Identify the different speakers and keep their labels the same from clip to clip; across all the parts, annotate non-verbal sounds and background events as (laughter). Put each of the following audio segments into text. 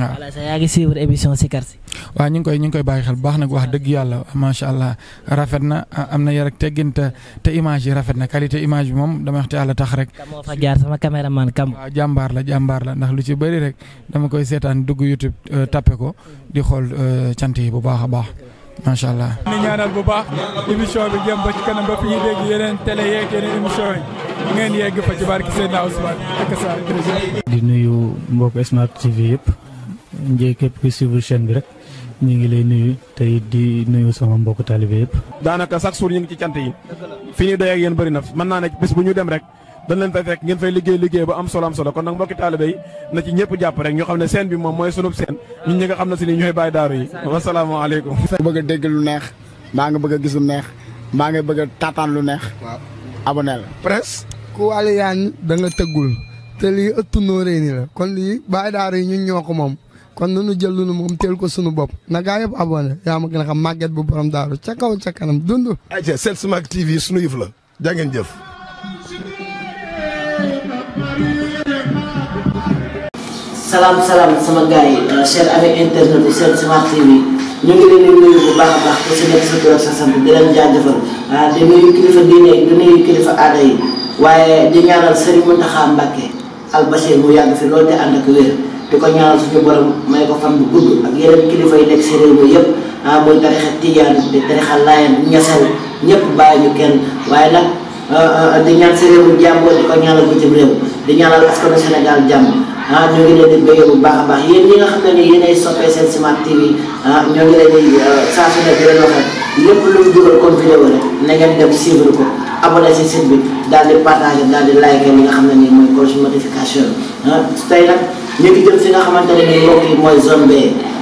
Speaker 1: waa voilà sax émission Sikar waaw ñu ngi koy ñu ngi koy bàyyi xel bu baax nag wax dëgg yàlla macha allah rafet na am na yar ak teggin te image yi rafet na qualité image bi moom dama wax te yàlla tax rek. moo fa jaar sama caméraman kam. waaw jàmbaar la jàmbaar la ndax lu ci bëri rek dama koy seetaan dugg YouTube euh, tappe ko di xool euh, cant yi bu baax a baax. macha allah. bu baax émission bi jëm kanam ba fi ñuy dégg yeneen télé yeeg yeneen émission yi ngeen yegg fa ci barki Seydina Ousmane ak sa di nuyu mbokk Smart TV yëpp. njee képp ku suivre chaîne bi rek ñu ngi lay nuyu tey di nuyu sama mbokk taalibe yëpp. daanaka chaque jour ñu ngi ci cant yi fi ñuy ak na ne bu ñu dem rek dañ leen fay ngeen fay liggéey liggéey ba am solo am solo kon nag mbokki taalibe yi na ci ñëpp jàpp rek ñu xam ne seen bi moom mooy sunub seen ñun ñi nga xam ne ni ñooy bàyyi daaru yi wasalaamaaleykum. bëgg dégg lu neex nga bëgg gis lu neex nga bëgg lu neex. waaw ku wàllu yaan da nga tëggul te lii ëttu nóoree ni la kon daaru ñun kon nanu jël nu moom teel ko sunu bopp na gaa yëpp abonné yaa ma gën a xam màgget bu borom daaru ca kaw ca kanam dund. ayca Sen TV sunu yëf la jaa jëf. salaam salaam euh, TV ñu ngi leen di nuyu baax a baax ku si nekk sa tur sa sant di leen jaajëfal ah, di waaye di ñaanal Serigne Mountakha Mbacké Al Bachir mu yàgg fi loolu te ànd ak wér. di ko ñaanal suñu borom may ko fan bu gudd ak yeneen kilifa yi nekk si réew mi yëpp ah muy tarixa tijaan di tarixa laayeen kan. ah, ah, ah, di ñasal ñëpp bàyyi ñu kenn waaye nag di ñaan si réew mi jàmm di ko ñaanal bitim réew di ñaanal askanu Sénégal jàmm ah ñoo ngi leen di kan. iya, béyee bu baax a baax yéen ñi nga xam ne ni soppee seen Smart TV ah ñoo ngi leen di saa su nekk leen waxal lépp lu mu dugal comme vidéo rek na ngeen dem suivre ko abonné si site bi daal di partager daal di like li kan, nga xam ne nii mooy cloche notification ah tey nag ñu ngi fi nga xamante ne nii mbokk yi mooy zone B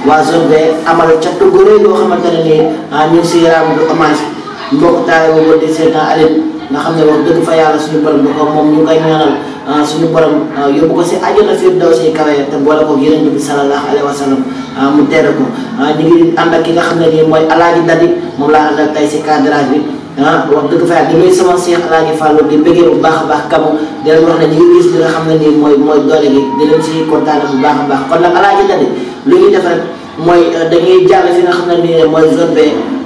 Speaker 1: waa zone B amal catu góoree yoo xamante ne nii ah, ñu si yaram du hommage mbokk taay boobu di seetaan Alioune nga xam ne wax dëgg fa yàlla suñu borom bi ko moom ñu koy ñaanal ah, suñu borom ah, yóbbu ko si àjjana firdawsi kawe te boole ko yeneen bi sallallahu alayhi wa mu teere ko ñu ngi ànd ak ki nga xam ne nii mooy alaaji Dadi moom laa ànd ak si cadrage bi. ah wax dëgg fa di nuyu sama Cheikh El Hadj di bëggee bu baax a baax kamu di leen wax ne ñu ngi gis li nga xam ne nii mooy mooy doole gi di leen si kontaan a baax kon nag El Hadj Ndady lu ñuy def euh, xam ne nii mooy zone B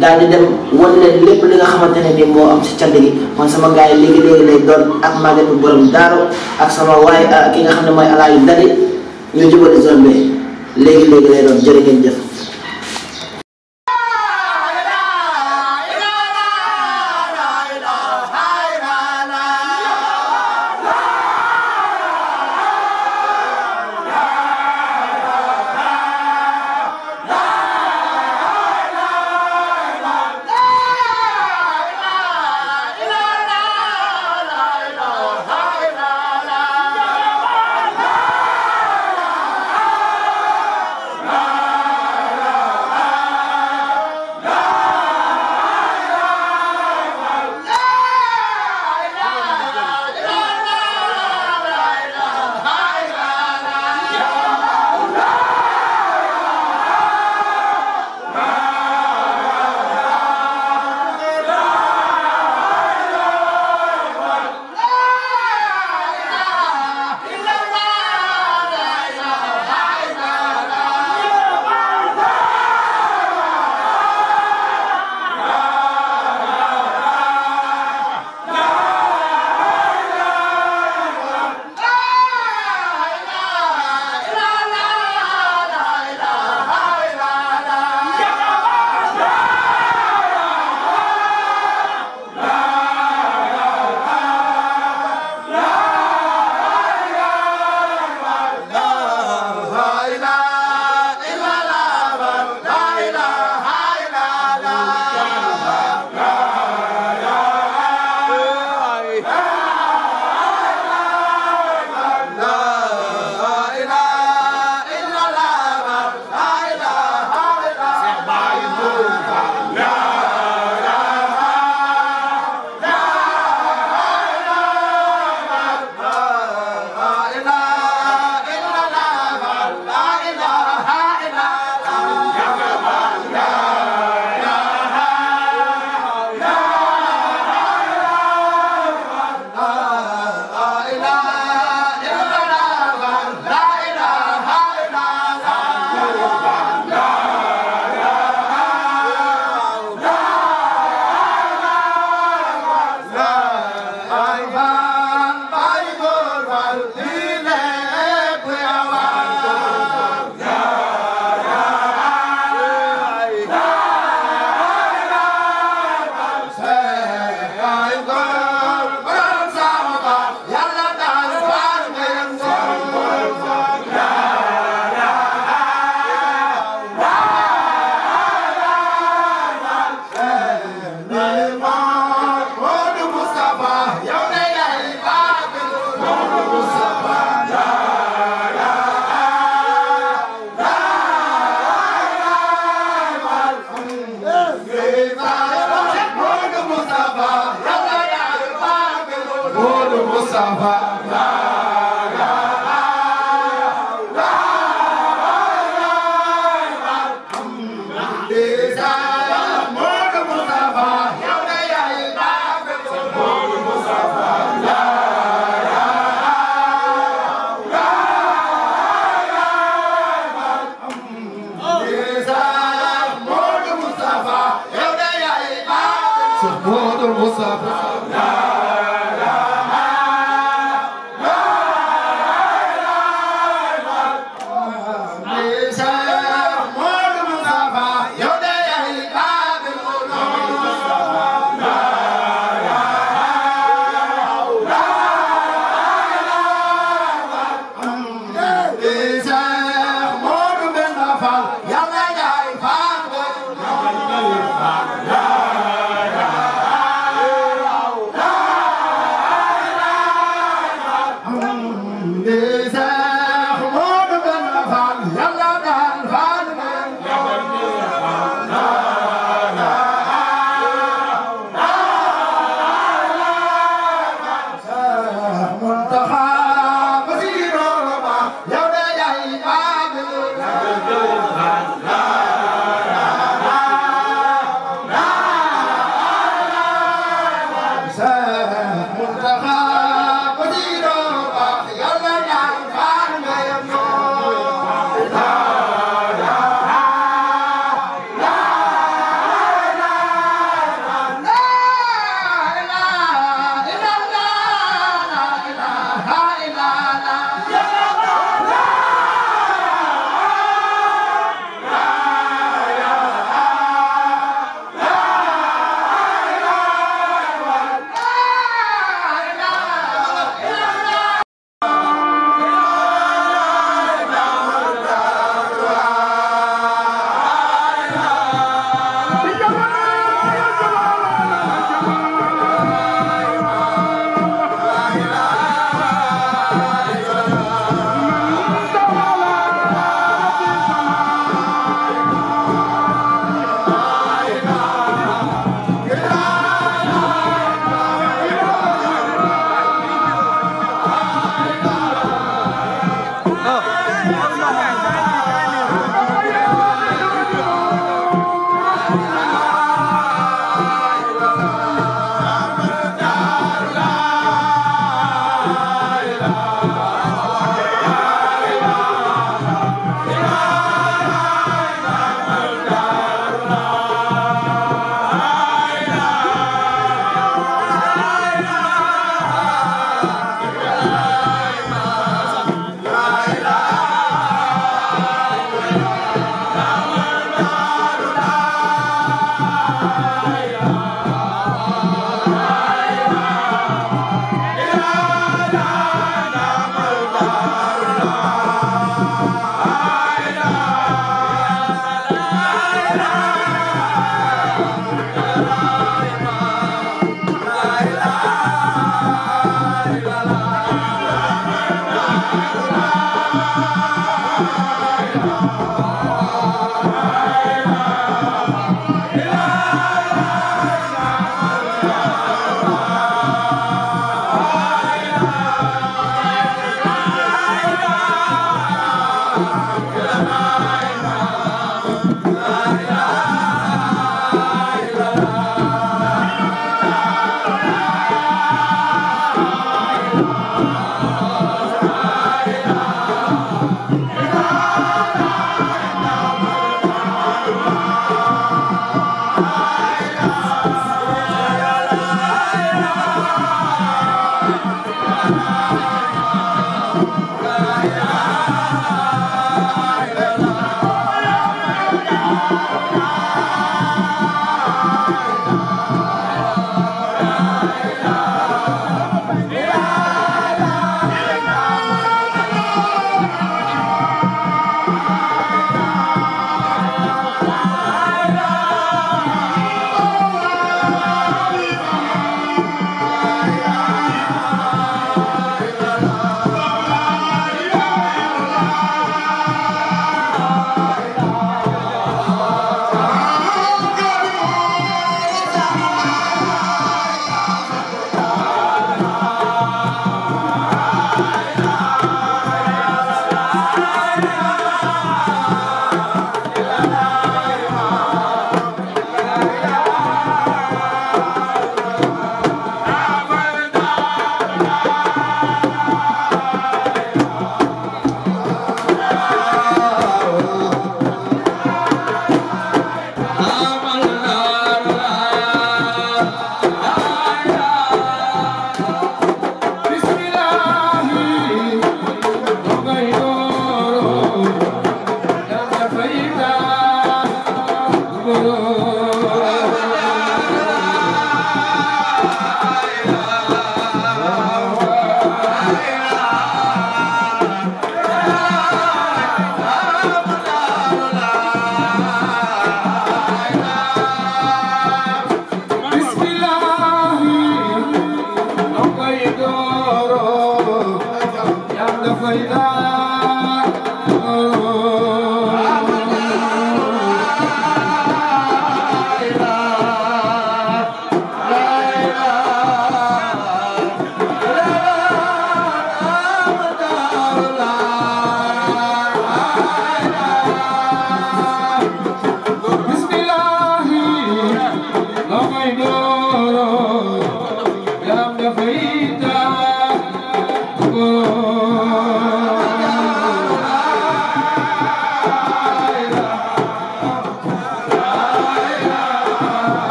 Speaker 1: daal di dem wan leen lépp li nga xamante ne nii moo am si cand gi kon sama gars yi léegi léegi lay doon ak Maguette bu borom Daaro ak sama waay euh, ki nga xam ne mooy El Hadj Ndady ñu jubali zone B léegi léegi lay doon jërë ngeen jëf.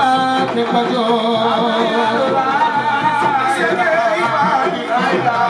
Speaker 2: Thank you.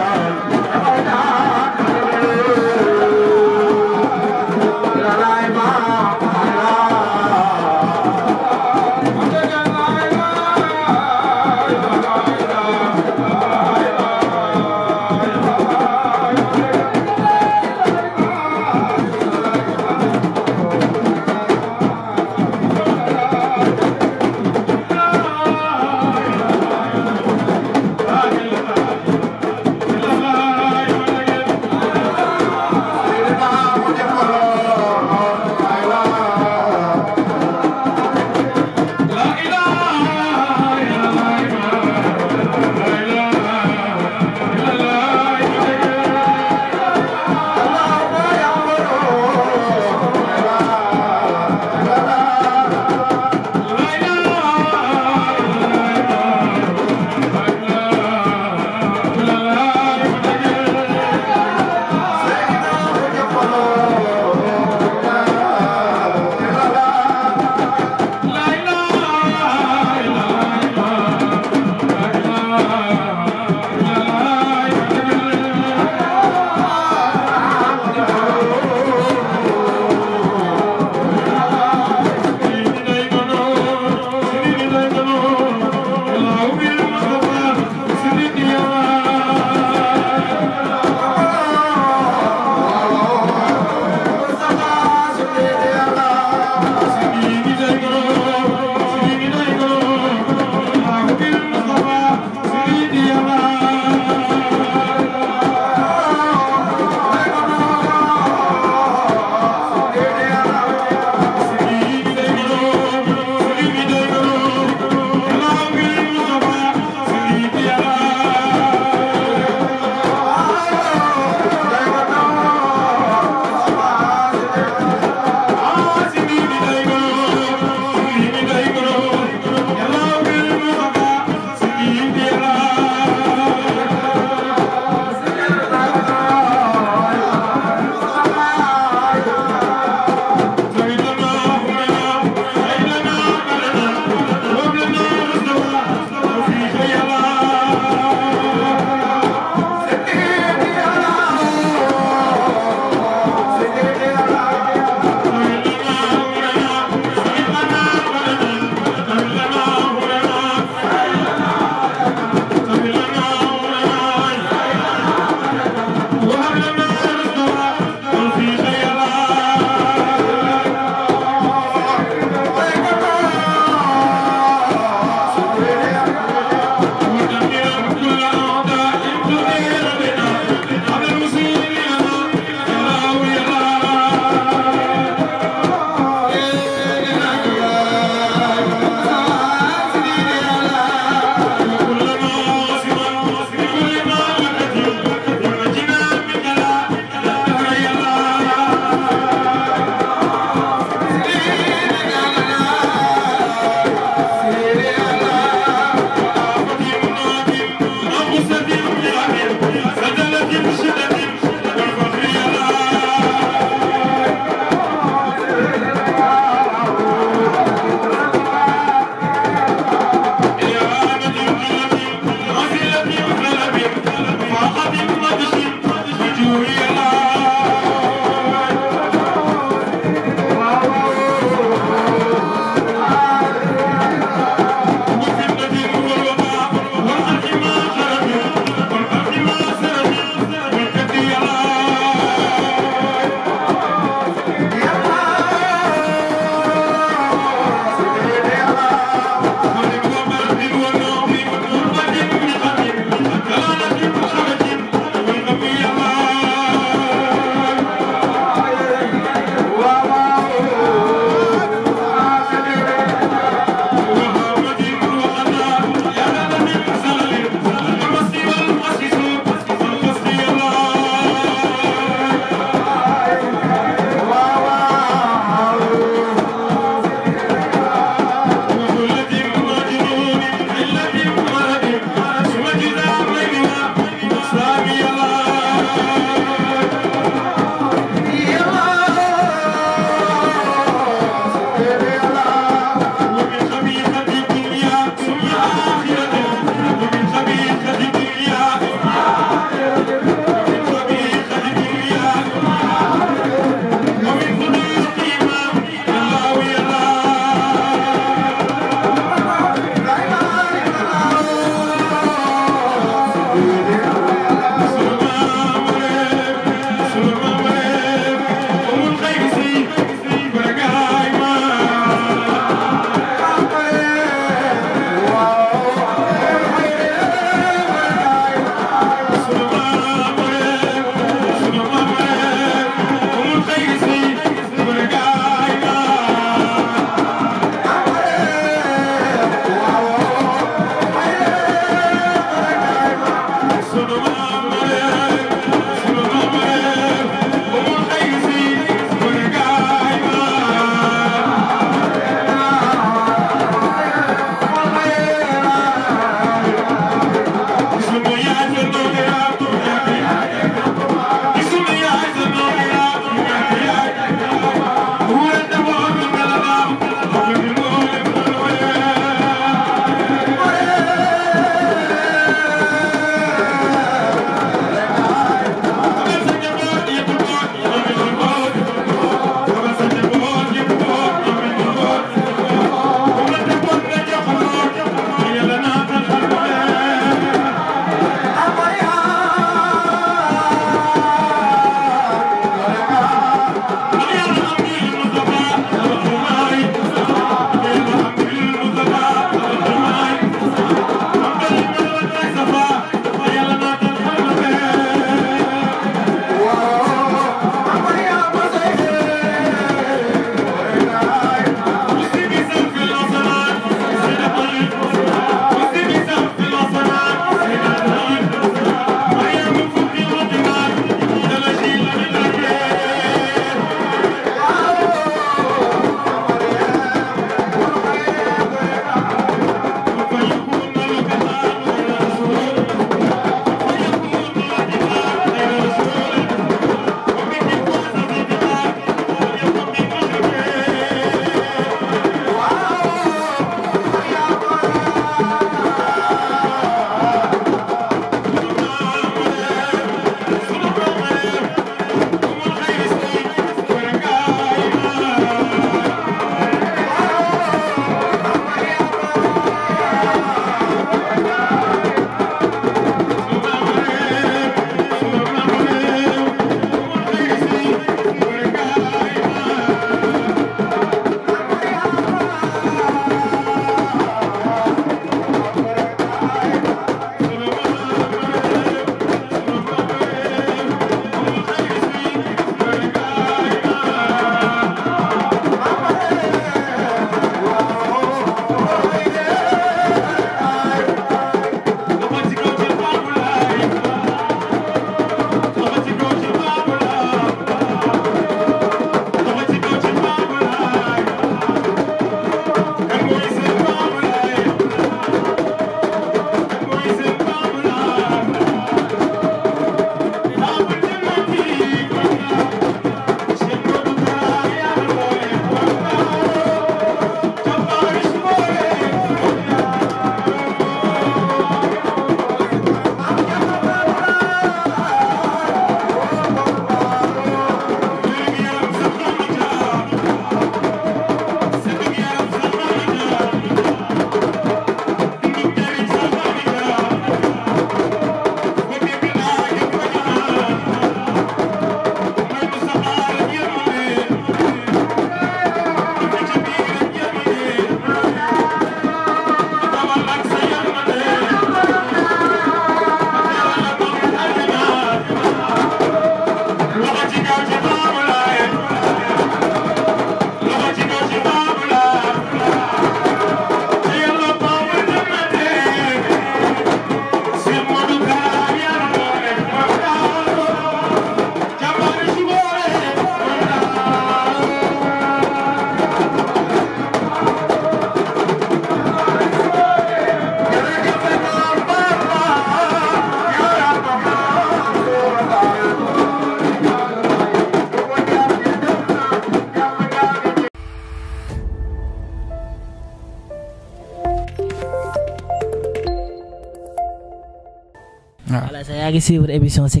Speaker 1: yaa ngi suivre émission si.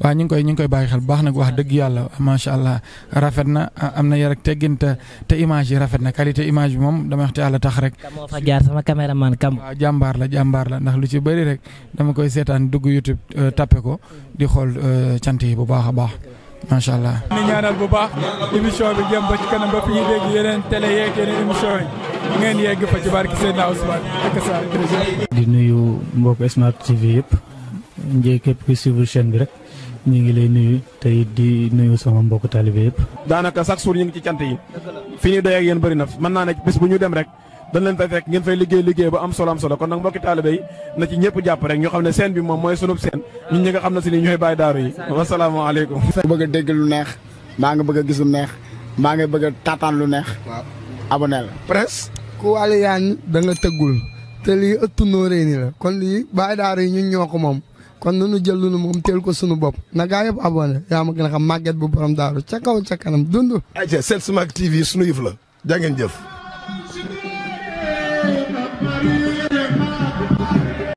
Speaker 1: waaw ñu ngi koy ngi koy bàyyi xel bu baax nag wax dëgg yàlla macha allah rafet na am na yar ak teggin te image yi rafet na qualité image bi moom dama wax te yàlla tax rek. moo fa jaar sama caméraman kam. waaw jàmbaar la jàmbaar la ndax lu ci bari rek dama koy seetaan dugg YouTube euh, tappe ko di xool euh, cant yi bu baax a baax. macha allah. ñu ñaanal bu baax émission bi jëm ba ci kanam ba fi ñu dégg yeneen télé yeeg yeneen émission yi ngeen yegg fa ci barke di nuyu njëy képp ku suivre chaîne bi rek ñu ngi lay nuyu tey di nuyu sama mbokk taalibe yëpp. daanaka chaque jour ñu ngi ci cant yi fi doy ak yéen bëri na mën naa ne bis bu ñu dem rek dañ leen fay fekk ngeen fay liggéey liggéey ba am solo am solo kon nag mbokki taalibe yi na ci ñëpp jàpp rek ñu xam ne seen bi moom mooy sunub seen ñi nga xam ne si ni ñooy (laughs) bëgg dégg lu neex bëgg gis lu neex bëgg lu neex. abonné la. ku wàllu yaa da nga tëggul te lii ëttu nóoree ni la kon daaru ñun kon nu ñu jël lu nu moom teel ko sunu bopp na gaa yëpp abonné yaa ma gën a xam màgget bu borom daaru ca kaw ca kanam dund. ayca Sen Smart TV sunu yëf la jaa jëf.